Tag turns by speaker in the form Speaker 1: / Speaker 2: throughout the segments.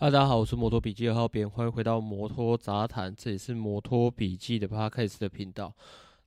Speaker 1: 嗨，啊、大家好，我是摩托筆記的二號編，歡迎回到摩托雜談，這裡是摩托筆記的 Podcast 的頻道。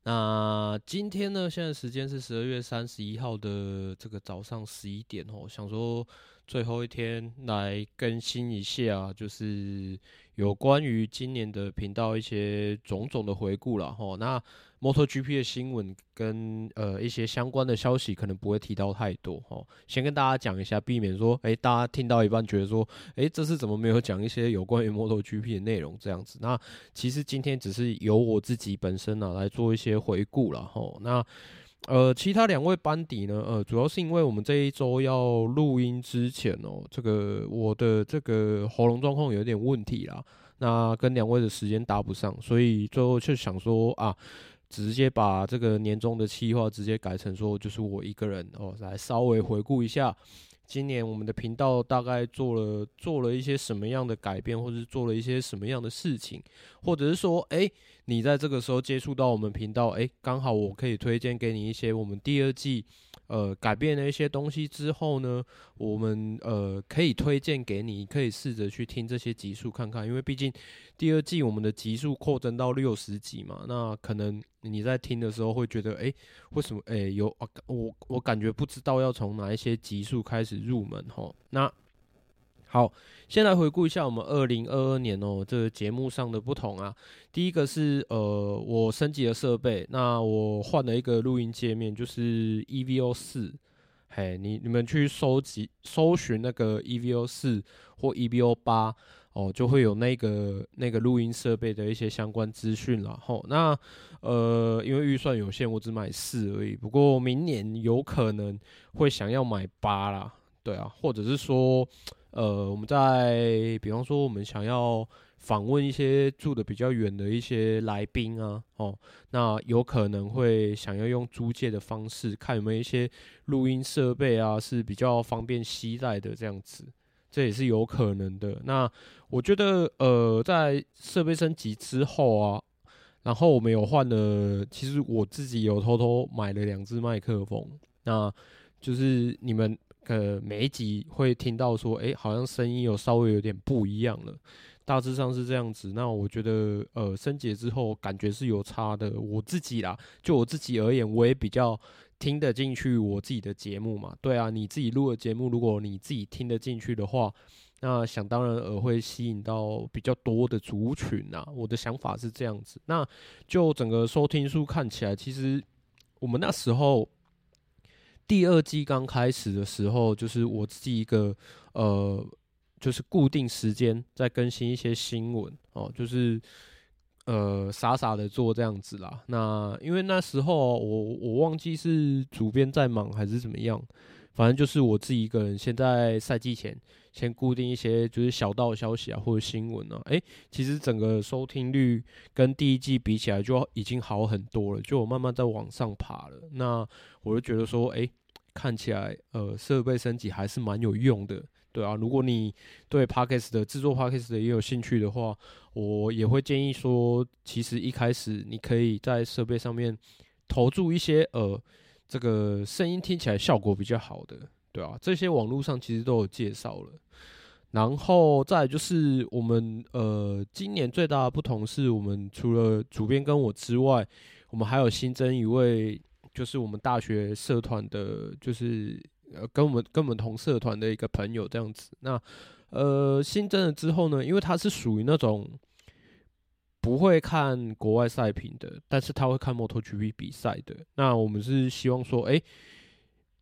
Speaker 1: 那今天呢，現在時間是十二月三十一號的這個早上十一點哦，想說。最後一天來更新一下啊，就是有關於今年的頻道一些種種的回顧了齁。那 MotoGP 的新聞跟呃一些相關的消息可能不會提到太多哦。先跟大家講一下，避免說，哎，大家聽到一半覺得說，哎，這次怎麼沒有講一些有關於 MotoGP 的內容這樣子？那其實今天只是由我自己本身啊來做一些回顧了齁。那呃，其他兩位班底呢？呃，主要是因為我們這一周要錄音之前哦，這個我的這個喉嚨狀況有點問題啦，那跟兩位的時間搭不上，所以最後就想說啊，直接把這個年終的計劃直接改成說，就是我一個人哦，來稍微回顧一下。今年我們的頻道大概做了做了一些什麼樣的改變，或者是做了一些什麼樣的事情，或者是說，誒，你在這個時候接觸到我們頻道，誒，剛好我可以推薦給你一些我們第二季。呃，改變了一些東西之後呢，我們呃可以推薦給你，可以試着去聽這些集數看看，因為畢竟第二季我們的集數擴增到六十集嘛，那可能你在聽的時候會覺得，哎、欸，為什麼？哎、欸，有、啊、我我感覺不知道要從哪一些集數開始入門吼，那。好，先來回顧一下我們二零二二年哦，這個節目上的不同啊。第一個是呃，我升級了設備，那我換了一個錄音界面，就是 EVO 四，嘿，你你們去蒐集搜尋那個 EVO 四或 EVO 八哦，就會有那個那個錄音設備的一些相關資訊了。齁那呃，因為預算有限，我只買四而已。不過明年有可能會想要買八啦，對啊，或者是說。呃，我們在比方說，我們想要訪問一些住的比較遠的一些來賓啊，哦，那有可能會想要用租借的方式，看有沒有一些錄音設備啊是比較方便攜帶的這樣子，這也是有可能的。那我覺得，呃，在設備升級之後啊，然後我們有換了，其實我自己有偷偷買了兩隻麥克風，那就是你們。呃，每一集會聽到說，哎，好像聲音有稍微有點不一樣了，大致上是這樣子。那我覺得，呃，升級之後感覺是有差的。我自己啦，就我自己而言，我也比較聽得進去我自己的節目嘛。對啊，你自己錄的節目，如果你自己聽得進去的話，那想當然耳會吸引到比較多的族群吶，啊。我的想法是這樣子，那就整個收聽數看起來，其實我們那時候，第二季剛開始的時候，就是我自己一個，呃，就是固定時間在更新一些新聞哦，就是呃傻傻的做這樣子啦。那因為那時候哦，我我忘記是主編在忙還是怎麼樣。反正就是我自己一個人，先在賽季前先固定一些就是小道消息啊或者新聞啊。誒，其實整個收聽率跟第一季比起來就已經好很多了，就我慢慢在往上爬了。那我就覺得說，誒，看起來呃設備升級還是蠻有用的，對啊。如果你對 podcast 的製作 podcast 的也有興趣的話，我也會建議說，其實一開始你可以在設備上面投注一些呃。這個聲音聽起來效果比較好的，對啊。這些網絡上其實都有介紹了。然後再來就是我們呃，今年最大的不同是我們除了主編跟我之外，我們還有新增一位，就是我們大學社團的，就是呃，跟我們跟我們同社團的一個朋友這樣子。那呃，新增了之後呢，因為他是屬於那種。不會看國外賽品的，但是他會看摩托 p 比賽的。那我們是希望說，哎，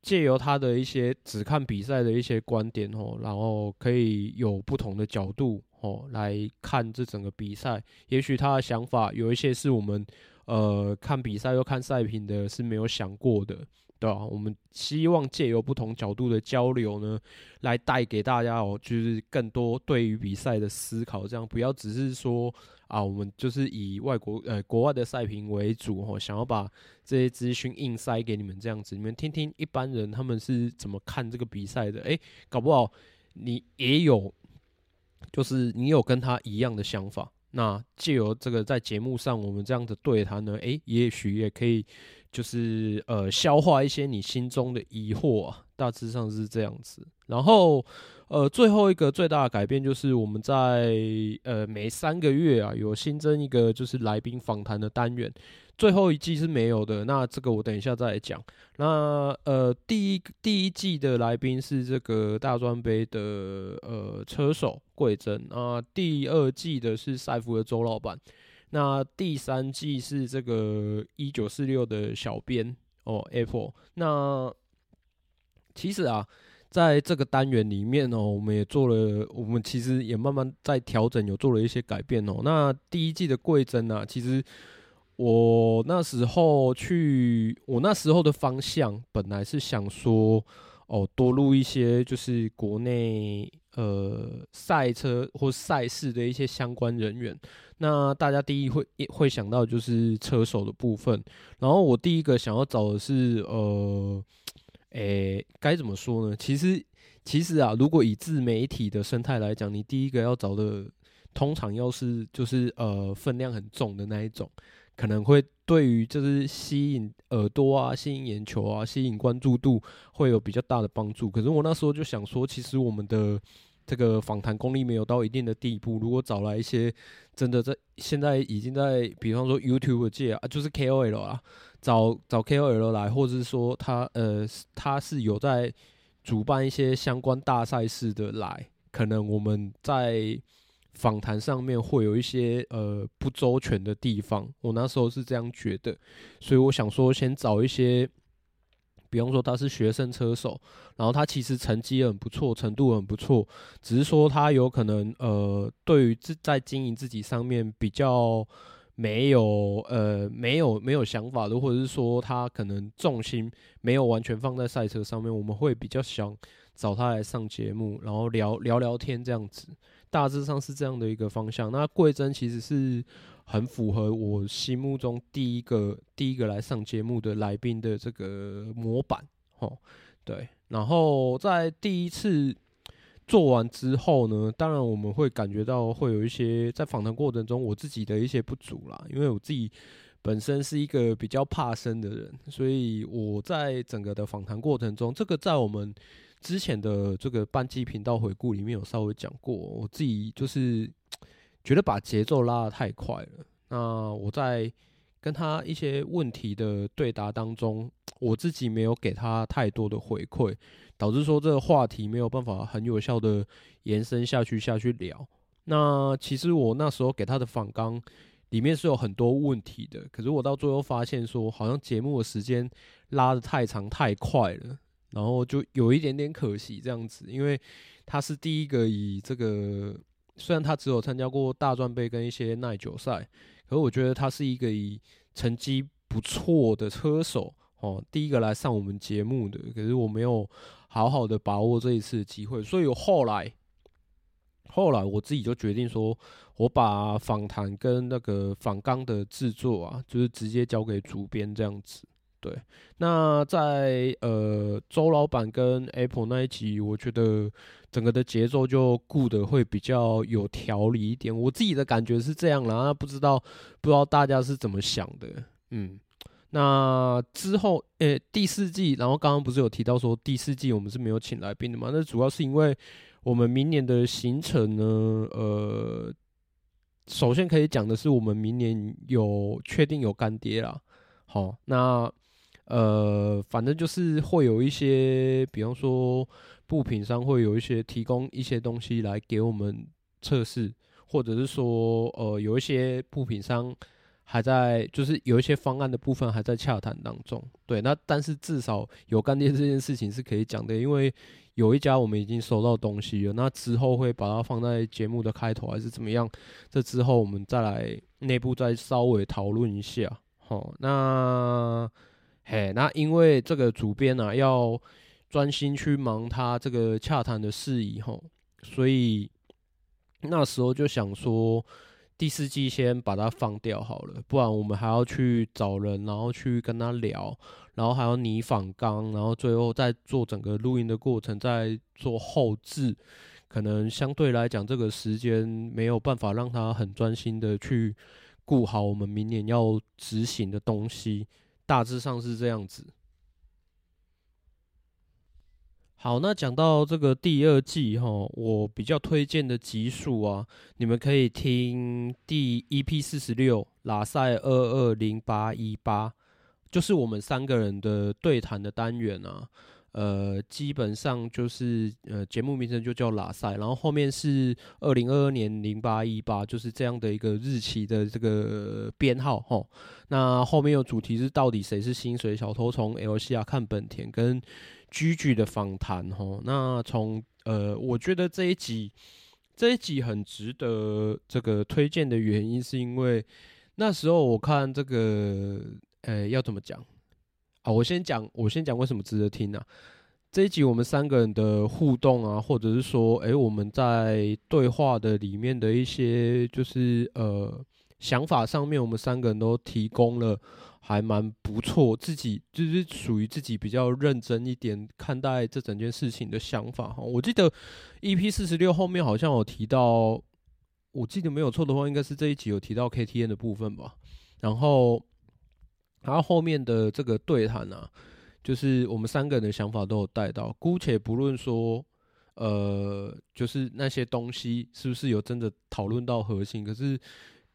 Speaker 1: 借由他的一些只看比賽的一些觀點哦，然後可以有不同的角度哦來看這整個比賽。也許他的想法有一些是我們呃看比賽又看賽品的是沒有想過的，對吧，啊？我們希望借由不同角度的交流呢，來帶給大家哦，就是更多對於比賽的思考，這樣不要只是說。啊，我們就是以外國呃國外的賽評為主哈，想要把這些資訊硬塞給你們這樣子，你們聽聽一般人他們是怎麼看這個比賽的，誒、欸，搞不好你也有，就是你有跟他一樣的想法，那借由這個在節目上我們這樣子對他呢，誒、欸，也許也可以就是呃消化一些你心中的疑惑、啊，大致上是這樣子。然後，呃，最後一個最大的改變就是我們在呃每三個月啊有新增一個就是來賓訪談的單元，最後一季是沒有的。那這個我等一下再來講。那呃，第一第一季的來賓是這個大專杯的呃車手桂珍，那第二季的是賽福的周老板，那第三季是這個一九四六的小編哦 Apple 那。那其實啊。在這個單元裡面呢、喔，我們也做了，我們其實也慢慢在調整，有做了一些改變哦、喔。那第一季的貴增呢，其實我那時候去，我那時候的方向本來是想說，哦，多錄一些就是國內呃賽車或賽事的一些相關人員。那大家第一會會想到就是車手的部分，然後我第一個想要找的是呃。誒，該怎麼說呢？其實，其實啊，如果以自媒體的生態來講，你第一個要找的，通常要是就是呃分量很重的那一種，可能會對於就是吸引耳朵啊、吸引眼球啊、吸引關注度，會有比較大的幫助。可是我那時候就想說，其實我們的這個訪談功力沒有到一定的地步，如果找來一些真的在現在已經在，比方說 YouTube 界啊，就是 KOL 啊。找找 KOL 來，或者是說他呃，他是有在主辦一些相關大賽事的來，可能我們在訪談上面會有一些呃不周全的地方。我那時候是這樣覺得，所以我想說，先找一些，比方說他是學生車手，然後他其實成績很不錯，程度很不錯，只是說他有可能呃，對於自在經營自己上面比較。沒有呃，沒有沒有想法的，或者是說他可能重心沒有完全放在賽車上面，我們會比較想找他來上節目，然後聊聊聊天這樣子，大致上是這樣的一個方向。那桂珍其實是很符合我心目中第一個第一個來上節目的來賓的這個模板，吼、哦，對，然後在第一次。做完之後呢，當然我們會感覺到會有一些在訪談過程中我自己的一些不足啦。因為我自己本身是一個比較怕生的人，所以我在整個的訪談過程中，這個在我們之前的這個半季頻道回顧裡面有稍微講過。我自己就是覺得把節奏拉得太快了。那我在跟他一些問題的對答當中，我自己沒有給他太多的回饋。導致說這個話題沒有辦法很有效的延伸下去，下去聊。那其實我那時候給他的訪綱裡面是有很多問題的，可是我到最後發現說，好像節目的時間拉得太長太快了，然後就有一點點可惜這樣子。因為他是第一個以這個，雖然他只有參加過大專盃跟一些耐久賽，可是我覺得他是一個以成績不錯的車手哦，第一個來上我們節目的，可是我沒有。好好的把握這一次機會，所以我後來，後來我自己就決定說，我把訪談跟那個訪綱的製作啊，就是直接交給主編這樣子。對，那在呃周老板跟 Apple 那一集，我覺得整個的節奏就顧得會比較有條理一點。我自己的感覺是這樣啦，不知道不知道大家是怎麼想的，嗯。那之後，誒、欸，第四季，然後剛剛不是有提到說第四季我們是沒有請來賓的嘛？那主要是因為我們明年的行程呢，呃，首先可以講的是，我們明年有確定有乾爹啦。好，那呃，反正就是會有一些，比方說部品商會有一些提供一些東西來給我們測試，或者是說，呃，有一些部品商。還在，就是有一些方案的部分還在洽談當中。對，那但是至少有乾爹這件事情是可以講的，因為有一家我們已經收到東西了。那之後會把它放在節目的開頭還是怎麼樣？這之後我們再來內部再稍微討論一下。吼，那嘿，那因為這個主編呢、啊、要專心去忙他這個洽談的事宜，吼，所以那時候就想說。第四季先把它放掉好了，不然我們還要去找人，然後去跟他聊，然後還要擬訪綱，然後最後再做整個錄音的過程，再做後製，可能相對來講，這個時間沒有辦法讓他很專心的去顧好我們明年要執行的東西，大致上是這樣子。好，那講到這個第二季吼，我比較推薦的集數啊，你們可以聽第一 P 四十六，拉賽二二零八一八，就是我們三個人的對談的單元啊。呃，基本上就是呃，節目名稱就叫拉賽，然後後面是二零二二年零八一八，就是這樣的一個日期的這個編號，那後面有主題是到底誰是薪水小偷？從 L C R 看本田跟。句句的訪談哦，那從呃，我覺得這一集這一集很值得這個推薦的原因，是因為那時候我看這個，呃、欸，要怎麼講啊？我先講，我先講為什麼值得聽呢、啊？這一集我們三個人的互動啊，或者是說，誒、欸，我們在對話的裡面的一些，就是呃，想法上面，我們三個人都提供了。還蠻不錯，自己就是屬於自己比較認真一點看待這整件事情的想法哈。我記得 EP 四十六後面好像有提到，我記得沒有錯的話，應該是這一集有提到 KTN 的部分吧。然後他後面的這個對談啊，就是我們三個人的想法都有帶到。姑且不論說，呃，就是那些東西是不是有真的討論到核心，可是。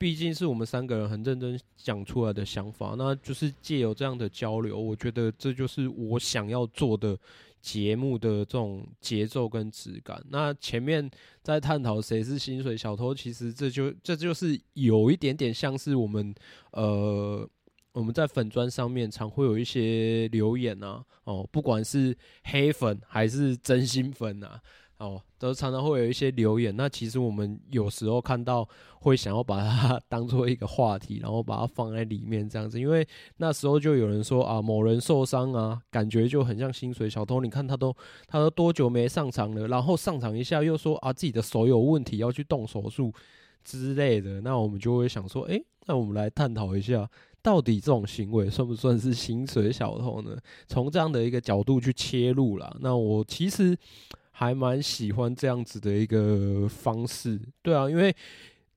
Speaker 1: 畢竟是我們三個人很認真講出來的想法，那就是借由這樣的交流，我覺得這就是我想要做的節目的這種節奏跟質感。那前面在探討誰是薪水小偷，其實這就這就是有一點點像是我們呃我們在粉專上面常會有一些留言啊，哦，不管是黑粉還是真心粉啊。哦，都常常會有一些留言。那其實我們有時候看到，會想要把它當做一個話題，然後把它放在裡面這樣子。因為那時候就有人說啊，某人受傷啊，感覺就很像薪水小偷。你看他都，他都多久沒上場了？然後上場一下又說啊，自己的手有問題，要去動手術之類的。那我們就會想說，誒，那我們來探討一下，到底這種行為算不算是薪水小偷呢？從這樣的一個角度去切入啦。那我其實。還蠻喜歡這樣子的一個方式，對啊，因為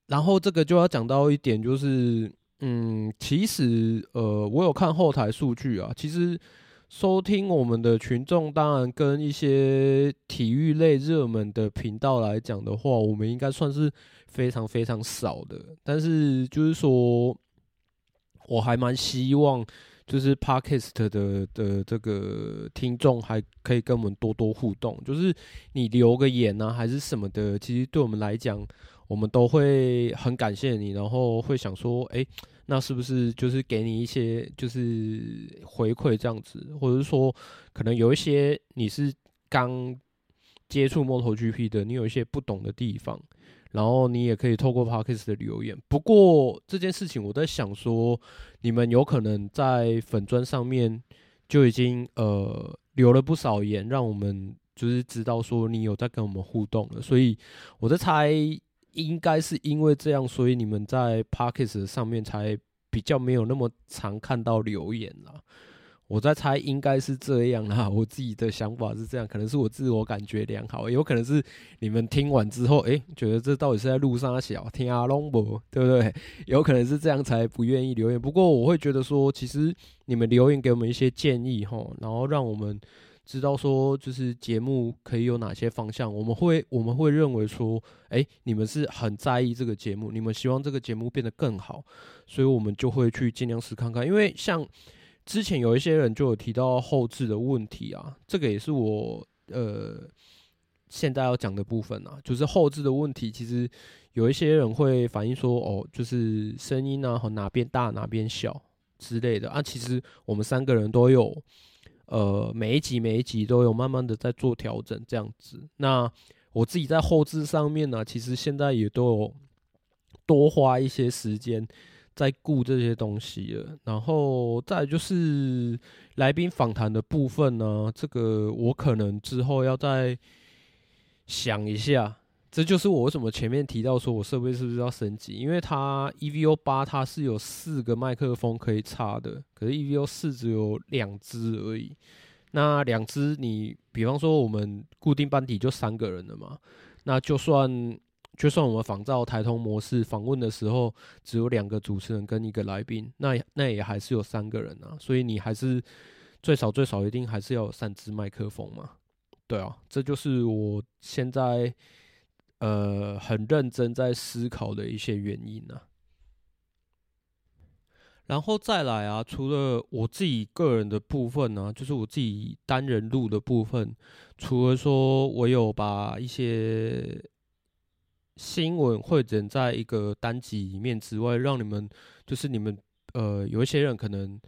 Speaker 1: 然後這個就要講到一點，就是嗯，其實呃，我有看後台數據啊，其實收聽我們的群眾，當然跟一些體育類熱門的頻道來講的話，我們應該算是非常非常少的，但是就是說，我還蠻希望。就是 Podcast 的的這個聽眾還可以跟我們多多互動，就是你留個言啊，還是什麼的，其實對我們來講，我們都會很感謝你，然後會想說，哎、欸，那是不是就是給你一些就是回饋這樣子，或者是說，可能有一些你是剛接觸 MotoGP 的，你有一些不懂的地方。然後你也可以透過 Podcast 的留言，不過這件事情我在想說，你們有可能在粉專上面就已經呃留了不少言，讓我們就是知道說你有在跟我們互動了，所以我在猜，應該是因為這樣，所以你們在 Podcast 上面才比較沒有那麼常看到留言了。我在猜應該是這樣啦，我自己的想法是這樣，可能是我自我感覺良好，也有可能是你們聽完之後，誒，覺得這到底是在錄啥小，聽攏無，對不對？有可能是這樣才不願意留言。不過我會覺得說，其實你們留言給我們一些建議吼，然後讓我們知道說，就是節目可以有哪些方向，我們會我們會認為說，誒，你們是很在意這個節目，你們希望這個節目變得更好，所以我們就會去儘量試看看，因為像。之前有一些人就有提到後製的問題啊，這個也是我呃現在要講的部分啊，就是後製的問題，其實有一些人會反映說，哦，就是聲音啊和哪邊大哪邊小之類的啊，其實我們三個人都有，呃，每一集每一集都有慢慢的在做調整這樣子。那我自己在後製上面呢，啊，其實現在也都有多花一些時間，在顧這些東西了，然後再就是來賓訪談的部分呢，啊，這個我可能之後要再想一下。這就是我為什麼前面提到說我設備是不是要升級，因為它 EVO 八它是有四個麥克風可以插的，可是 EVO 四只有兩隻而已。那兩隻你，比方說我們固定班底就三個人了嘛，那就算。就算我們仿照台通模式訪問的時候，只有兩個主持人跟一個來賓，那也那也還是有三個人啊，所以你還是最少最少一定還是要有三支麥克風嘛。對啊，這就是我現在呃很認真在思考的一些原因啊。然後再來啊，除了我自己個人的部分呢、啊，就是我自己單人錄的部分，除了說我有把一些。新聞或者在一個單集裡面之外，讓你們就是你們呃有一些人可能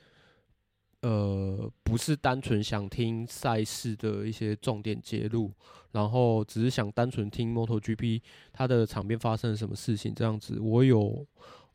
Speaker 1: 呃不是單純想聽賽事的一些重點揭露，然後只是想單純聽 MotoGP 它的場邊發生了什麼事情這樣子。我有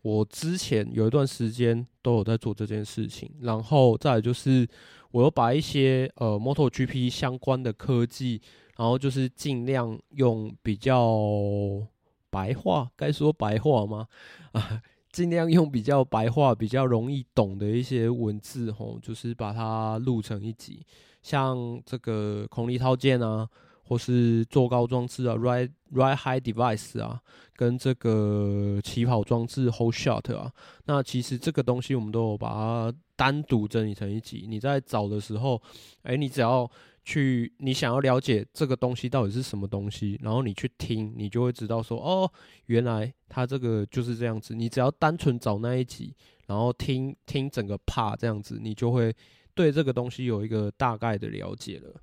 Speaker 1: 我之前有一段時間都有在做這件事情，然後再來就是我又把一些呃 MotoGP 相關的科技，然後就是盡量用比較。白話該說白話嗎？啊，盡量用比較白話、比較容易懂的一些文字，吼，就是把它錄成一集。像這個孔力套件啊，或是坐高裝置啊 （right r i h high device） 啊，跟這個起跑裝置 h o l e shot） 啊，那其實這個東西我們都有把它單獨整理成一集。你在找的時候，哎、欸，你只要。去，你想要了解這個東西到底是什麼東西，然後你去聽，你就會知道說，哦，原來它這個就是這樣子。你只要單純找那一集，然後聽聽整個 part 這樣子，你就會對這個東西有一個大概的了解了。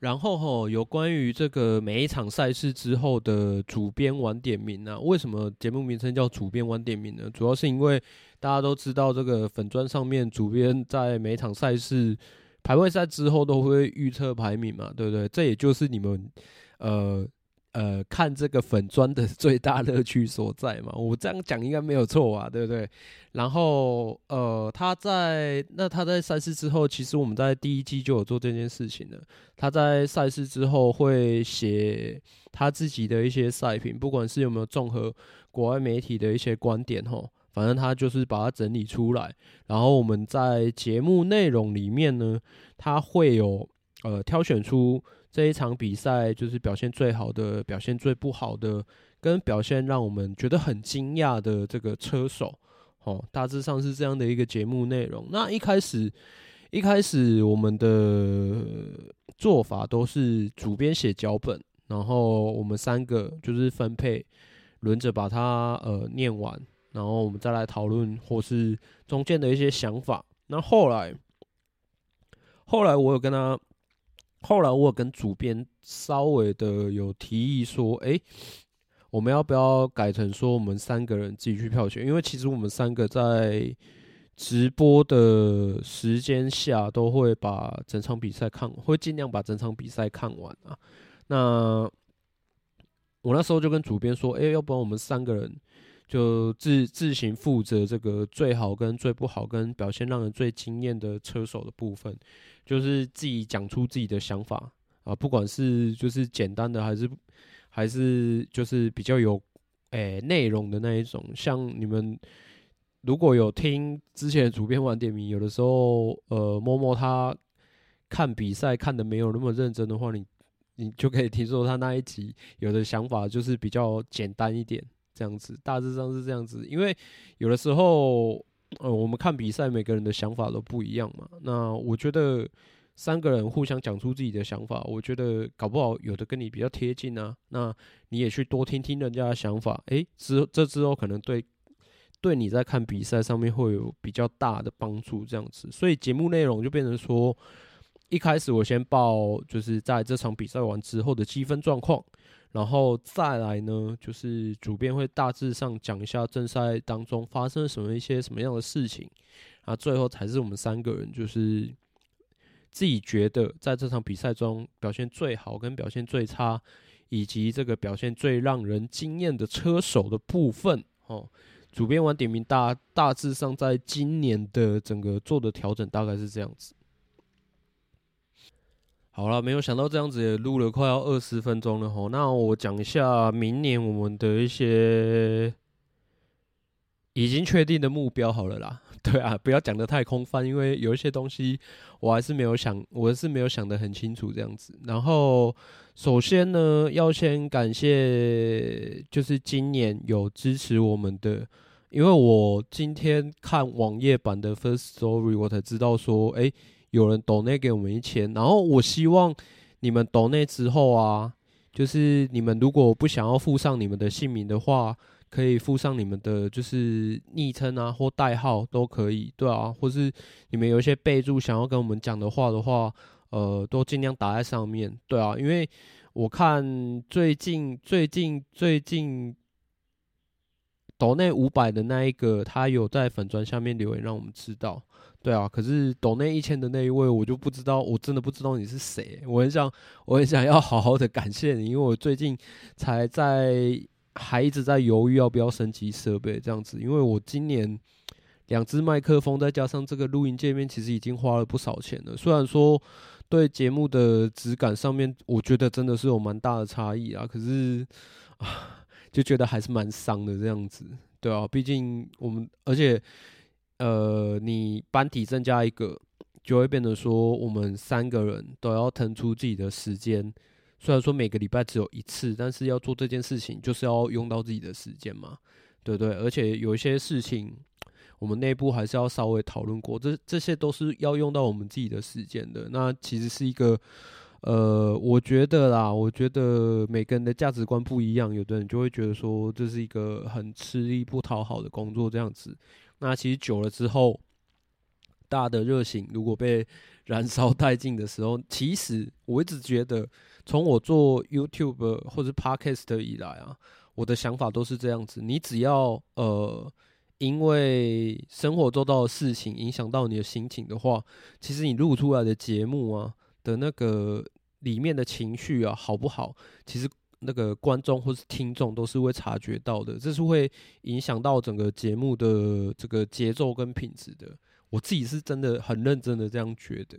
Speaker 1: 然後吼，有關於這個每一場賽事之後的主編晚點名啊，為什麼節目名稱叫主編晚點名呢？主要是因為大家都知道這個粉專上面，主編在每一場賽事排位賽之後都會預測排名嘛，對不對？這也就是你們，呃。呃，看這個粉專的最大樂趣所在嘛，我這樣講應該沒有錯啊，對不對？然後呃，他在那他在賽事之後，其實我們在第一季就有做這件事情了。他在賽事之後會寫他自己的一些賽評，不管是有沒有綜合國外媒體的一些觀點吼，反正他就是把它整理出來。然後我們在節目內容裡面呢，他會有呃挑選出。這一場比賽就是表現最好的、表現最不好的，跟表現讓我們覺得很驚訝的這個車手，哦，大致上是這樣的一個節目內容。那一開始，一開始我們的做法都是主編寫腳本，然後我們三個就是分配，輪着把它呃念完，然後我們再來討論或是中間的一些想法。那後來，後來我有跟他。後來我跟主編稍微的有提議說：“誒，我們要不要改成說我們三個人自己去票選？因為其實我們三個在直播的時間下，都會把整場比賽看，會盡量把整場比賽看完啊。”那我那時候就跟主編說：“誒，要不然我們三個人就自自行負責這個最好跟最不好跟表現讓人最驚豔的車手的部分。”就是自己講出自己的想法啊，不管是就是簡單的，還是還是就是比較有誒、欸、內容的那一種。像你們如果有聽之前的主編玩點名，有的時候呃摸摸他看比賽看的沒有那麼認真的話，你你就可以聽說他那一集有的想法就是比較簡單一點這樣子，大致上是這樣子，因為有的時候。嗯，我們看比賽，每個人的想法都不一樣嘛。那我覺得三個人互相講出自己的想法，我覺得搞不好有的跟你比較貼近啊。那你也去多聽聽人家的想法，哎、欸，之後這之後可能對對你在看比賽上面會有比較大的幫助。這樣子，所以節目內容就變成說，一開始我先報，就是在這場比賽完之後的積分狀況。然後再來呢，就是主編會大致上講一下正賽當中發生了什麼一些什麼樣的事情，啊，最後才是我們三個人就是自己覺得在這場比賽中表現最好跟表現最差，以及這個表現最讓人驚艷的車手的部分哦。主編完點名大，大大致上在今年的整個做的調整大概是這樣子。好了，沒有想到這樣子也錄了快要二十分鐘了吼。那我講一下明年我們的一些已經確定的目標好了啦。對啊，不要講得太空泛，因為有一些東西我還是沒有想，我還是沒有想得很清楚這樣子。然後首先呢，要先感謝，就是今年有支持我們的，因為我今天看網頁版的 Firstory，我才知道說，哎、欸。有人 donate 給我們一千，然後我希望你們 donate 之後啊，就是你們如果不想要附上你們的姓名的話，可以附上你們的就是昵稱啊或代號都可以，對啊，或是你們有一些備註想要跟我們講的話的話，呃，都盡量打在上面，對啊，因為我看最近最近最近，最近抖內五百的那一個，他有在粉專下面留言，讓我們知道。對啊，可是抖內一千的那一位，我就不知道，我真的不知道你是誰、欸。我很想，我很想要好好的感謝你，因為我最近才在還一直在猶豫要不要升級設備這樣子，因為我今年兩隻麥克風再加上這個錄音介面，其實已經花了不少錢了。雖然說對節目的質感上面，我覺得真的是有蠻大的差異啊，可是啊。就覺得還是蠻傷的這樣子，對啊。畢竟我們，而且，呃，你班底增加一個，就會變得說我們三個人都要騰出自己的時間。雖然說每個禮拜只有一次，但是要做這件事情，就是要用到自己的時間嘛，對不對？而且有一些事情，我們內部還是要稍微討論過，這這些都是要用到我們自己的時間的。那其實是一個。呃，我覺得啦，我覺得每個人的價值觀不一樣，有的人就會覺得說這是一個很吃力不討好的工作這樣子。那其實久了之後，大的熱情如果被燃燒殆盡的時候，其實我一直覺得，從我做 YouTube 或是 Podcast 以來啊，我的想法都是這樣子。你只要呃，因為生活做到的事情影響到你的心情的話，其實你錄出來的節目啊。的那個裡面的情緒啊，好不好？其實那個觀眾或是聽眾都是會察覺到的，這是會影響到整個節目的這個節奏跟品質的。我自己是真的很認真的這樣覺得。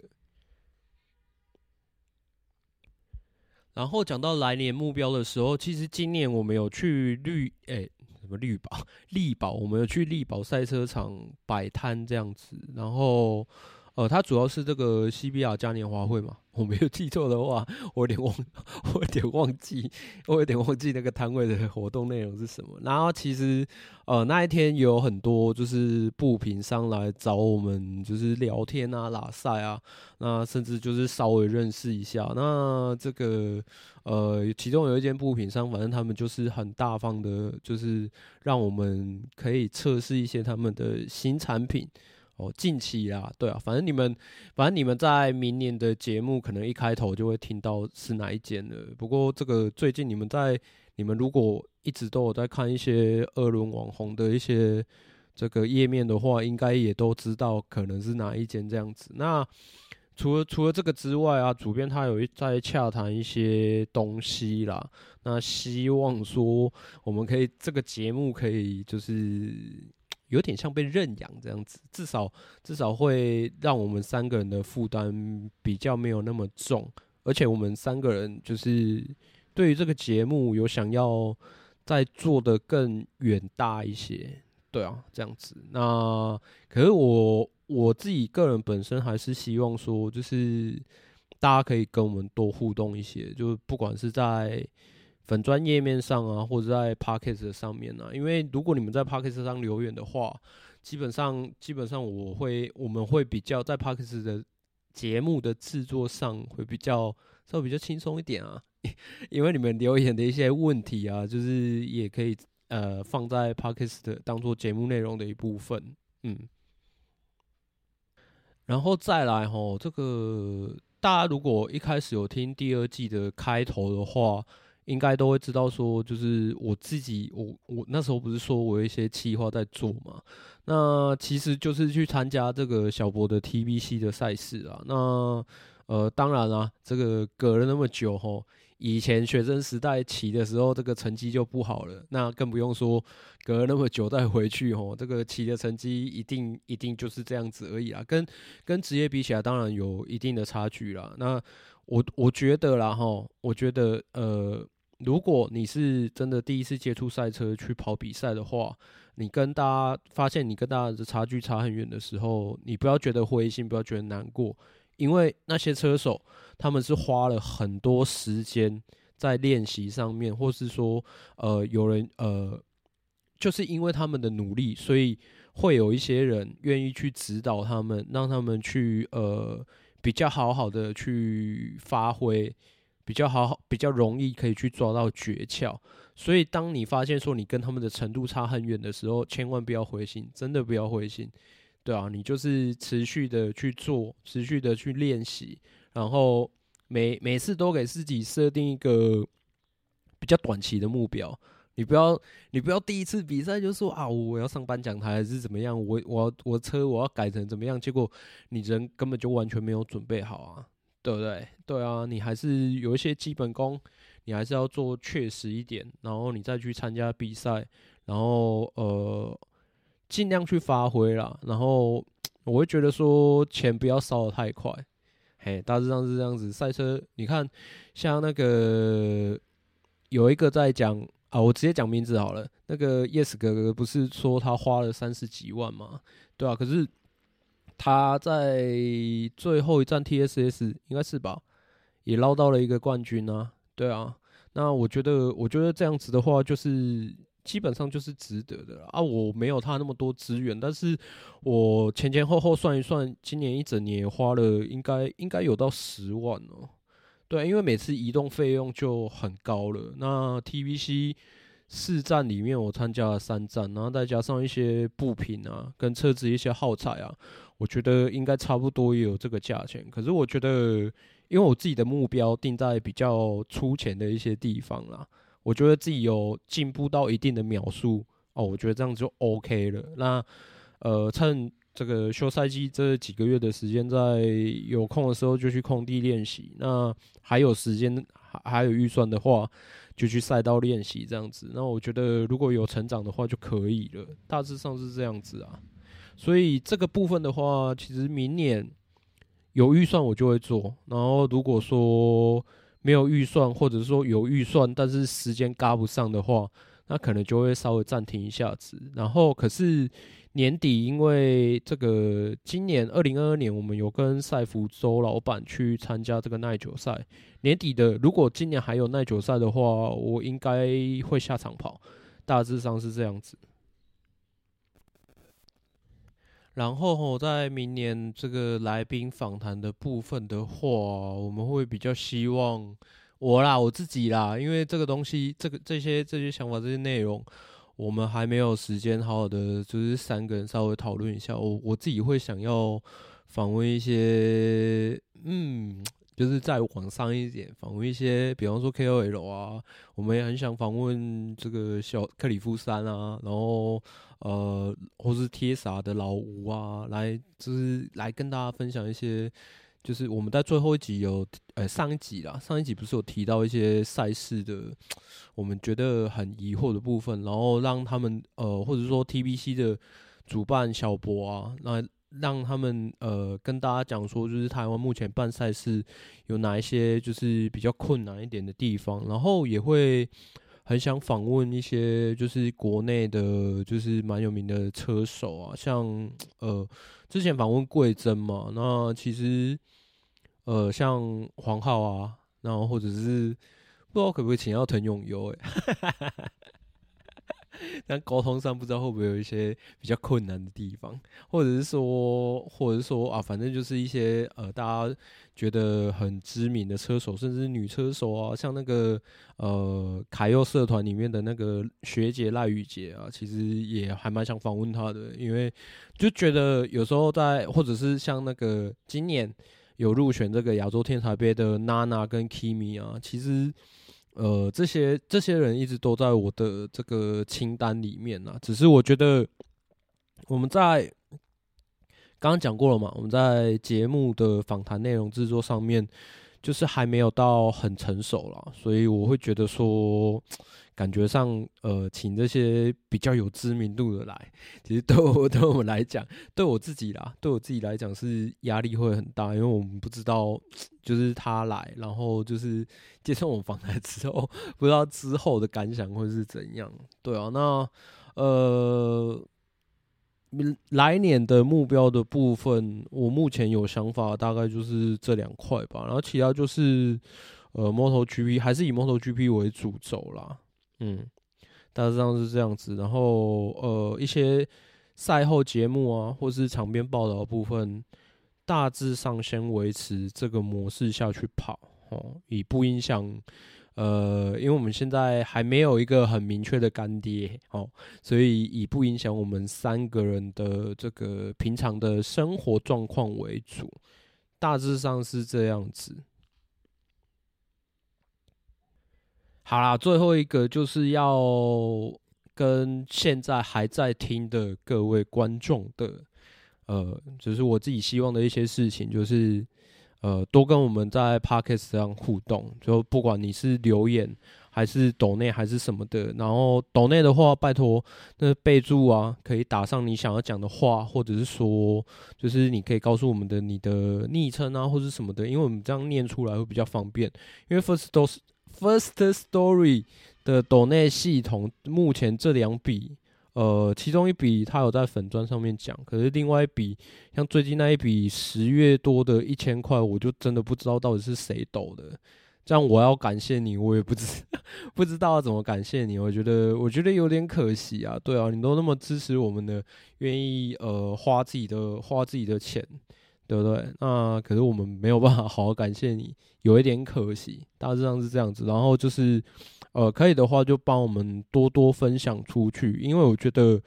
Speaker 1: 然後講到來年目標的時候，其實今年我們有去綠誒、欸、什麼綠寶麗寶，我們有去麗寶賽車場擺攤這樣子，然後。哦、呃，它主要是這個西比亞嘉年華會嘛，我沒有記錯的話，我有點忘，我有點忘記，我有點忘記那個攤位的活動內容是什麼。然後其實，呃，那一天有很多就是部品商來找我們，就是聊天啊、拉賽啊，那甚至就是稍微認識一下。那這個，呃，其中有一間部品商，反正他們就是很大方的，就是讓我們可以測試一些他們的新產品。哦，近期啦，對啊，反正你們，反正你們在明年的節目，可能一開頭就會聽到是哪一間了。不過這個最近你們在，你們如果一直都有在看一些二輪網紅的一些這個頁面的話，應該也都知道可能是哪一間這樣子。那除了除了這個之外啊，主編他有一在洽談一些東西啦。那希望說我們可以這個節目可以就是。有點像被認養這樣子，至少至少會讓我們三個人的負擔比較沒有那麼重，而且我們三個人就是對於這個節目有想要再做得更遠大一些，對啊，這樣子。那可是我我自己個人本身還是希望說，就是大家可以跟我們多互動一些，就是不管是在。本專頁面上啊，或者在 Podcast 上面呢、啊。因為如果你們在 Podcast 上留言的話，基本上基本上我會我們會比較在 Podcast 的節目的制作上會比較稍微比較輕鬆一點啊。因為你們留言的一些問題啊，就是也可以呃放在 Podcast 的當做節目內容的一部分。嗯，然後再來吼，這個大家如果一開始有聽第二季的開頭的話。應該都會知道，說就是我自己，我我那時候不是說我有一些企劃在做嘛？那其實就是去參加這個小博的 TBC 的賽事啊。那呃，當然啦、啊，這個隔了那麼久吼，以前學生時代騎的時候，這個成績就不好了。那更不用說隔了那麼久再回去吼，這個騎的成績一定一定就是這樣子而已啦。跟跟職業比起來，當然有一定的差距啦。那我我覺得啦，哈，我覺得呃。如果你是真的第一次接觸賽車去跑比賽的話，你跟大家發現你跟大家的差距差很遠的時候，你不要覺得灰心，不要覺得難過，因為那些車手他們是花了很多時間在練習上面，或是說呃有人呃就是因為他們的努力，所以會有一些人願意去指導他們，讓他們去呃比較好好的去發揮。比較好，比較容易可以去抓到訣竅。所以，當你發現說你跟他們的程度差很遠的時候，千萬不要灰心，真的不要灰心。對啊，你就是持續的去做，持續的去練習，然後每每次都給自己設定一個比較短期的目標。你不要，你不要第一次比賽就說啊，我我要上頒獎台還是怎麼樣？我我我車我要改成怎麼樣？結果你人根本就完全沒有準備好啊。對不對？對啊，你還是有一些基本功，你還是要做確實一點，然後你再去參加比賽，然後呃，盡量去發揮啦。然後我會覺得說，錢不要燒得太快，嘿，大致上是這樣子。賽車，你看，像那個有一個在講啊，我直接講名字好了，那個 Yes 哥哥不是說他花了三十幾萬嗎？對啊，可是。他在最後一站 TSS 應該是吧，也撈到了一個冠軍啊。對啊，那我覺得，我覺得這樣子的話，就是基本上就是值得的啊。我沒有他那麼多資源，但是我前前後後算一算，今年一整年花了應該應該有到十萬哦。對啊，因為每次移動費用就很高了。那 TBC 四站裡面我參加了三站，然後再加上一些部品啊，跟車子一些耗材啊。我覺得應該差不多也有這個價錢，可是我覺得，因為我自己的目標定在比較粗淺的一些地方啦，我覺得自己有進步到一定的秒數哦，我覺得這樣子就 OK 了。那呃，趁這個休賽季這幾個月的時間，在有空的時候就去空地練習。那還有時間、還還有預算的話，就去賽道練習這樣子。那我覺得如果有成長的話就可以了，大致上是這樣子啊。所以這個部分的話，其實明年有預算我就會做。然後如果說沒有預算，或者說有預算但是時間趕不上的話，那可能就會稍微暫停一下子。然後可是年底，因為這個今年二零二二年我們有跟賽福州老闆去參加這個耐久賽。年底的，如果今年還有耐久賽的話，我應該會下場跑。大致上是這樣子。然後，我在明年這個來賓訪談的部分的話，我們會比較希望我啦，我自己啦，因為這個東西，這個這些這些想法，這些內容，我們還沒有時間好好的，就是三個人稍微討論一下。我我自己會想要訪問一些，嗯。就是再往上一點，訪問一些，比方說 KOL 啊，我們也很想訪問這個小克里夫山啊，然後呃，或是 TSA 的老吳啊，來就是來跟大家分享一些，就是我們在最後一集有呃、欸、上一集啦，上一集不是有提到一些賽事的，我們覺得很疑惑的部分，然後讓他們呃，或者說 TBC 的主辦小博啊，那。讓他們呃跟大家講說，就是台灣目前辦賽事有哪一些就是比較困難一點的地方，然後也會很想訪問一些就是國內的，就是蠻有名的車手啊，像呃之前訪問桂珍嘛，那其實呃像黃浩啊，然後或者是不知道可不可以請到騰永悠哎、欸。 但溝通上不知道會不會有一些比較困難的地方，或者是說，或者是說啊，反正就是一些呃，大家覺得很知名的車手，甚至女車手啊，像那個呃，凱佑社團裡面的那個學姐賴雨潔啊，其實也還蠻想訪問她的，因為就覺得有時候在，或者是像那個今年有入選這個亞洲天才杯的娜娜跟 Kimi 啊，其實。呃，這些這些人一直都在我的這個清單裡面呢。只是我覺得我們在剛剛講過了嘛，我們在節目的訪談內容制作上面就是還沒有到很成熟了，所以我會覺得說。感覺上，呃，請這些比較有知名度的來，其實對我、對我來講，對我自己啦，對我自己來講是壓力會很大，因為我們不知道，就是他來，然後就是接受我訪談之後，不知道之後的感想會是怎樣。對啊，那呃，來年的目標的部分，我目前有想法，大概就是這兩塊吧，然後其他就是，呃，MotoGP 還是以 MotoGP 為主軸啦。嗯，大致上是這樣子。然後，呃，一些賽後節目啊，或是場邊報道的部分，大致上先維持這個模式下去跑哦，以不影響，呃，因為我們現在還沒有一個很明確的乾爹哦，所以以不影響我們三個人的這個平常的生活狀況為主，大致上是這樣子。好啦，最後一個就是要跟現在還在聽的各位觀眾的，呃，就是我自己希望的一些事情，就是呃，多跟我們在 Podcast 上互動，就不管你是留言還是抖內還是什麼的，然後抖內的話，拜託那備註啊，可以打上你想要講的話，或者是說，就是你可以告訴我們的你的昵稱啊，或者什麼的，因為我們這樣念出來會比較方便，因為 First dose。First Story 的抖內系統，目前這兩筆，呃，其中一筆他有在粉專上面講，可是另外一筆，像最近那一筆十月多的一千塊，我就真的不知道到底是誰抖的。這樣我要感謝你，我也不知 不知道怎麼感謝你。我覺得我覺得有點可惜啊，對啊，你都那麼支持我們的，願意呃花自己的花自己的錢。對不對？那可是我們沒有辦法好好感謝你，有一點可惜。大致上是這樣子，然後就是，呃，可以的話就幫我們多多分享出去，因為我覺得，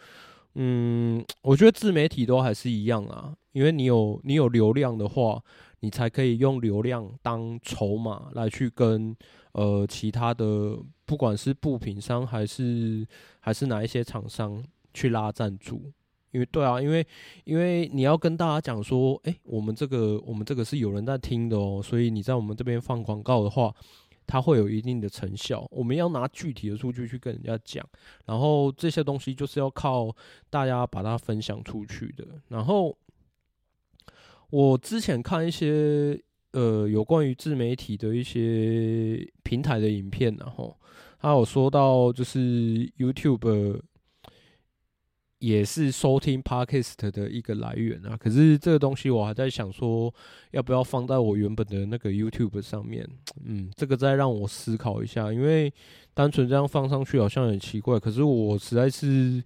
Speaker 1: 嗯，我覺得自媒體都還是一樣啊。因為你有你有流量的話，你才可以用流量當籌碼來去跟呃其他的，不管是部品商還是還是哪一些廠商去拉贊助。因為對啊，因為因為你要跟大家講說，誒，我們這個我們這個是有人在聽的哦、喔，所以你在我們這邊放廣告的話，它會有一定的成效。我們要拿具體的數據去跟人家講，然後這些東西就是要靠大家把它分享出去的。然後我之前看一些呃有關於自媒體的一些平台的影片，然後他有說到就是 YouTube。也是收聽 Podcast 的一個來源啊，可是這個東西我還在想說，要不要放在我原本的那個 YouTube 上面？嗯，這個再讓我思考一下，因為單純這樣放上去好像很奇怪。可是我實在是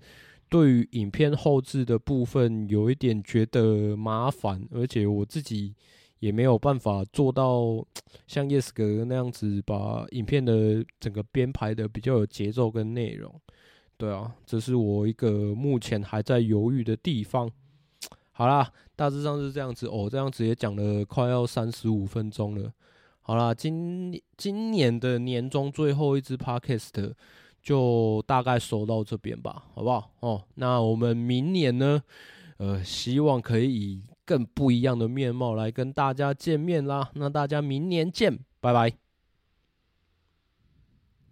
Speaker 1: 對於影片後製的部分有一點覺得麻煩，而且我自己也沒有辦法做到像 Yes 格那樣子，把影片的整個編排的比較有節奏跟內容。對啊，這是我一個目前還在猶豫的地方。好啦，大致上是這樣子哦，這樣子也講了快要三十五分鐘了。好啦，今今年的年終最後一支 Podcast 就大概說到這邊吧，好不好？哦，那我們明年呢，呃，希望可以以更不一樣的面貌來跟大家見面啦。那大家明年見，拜拜。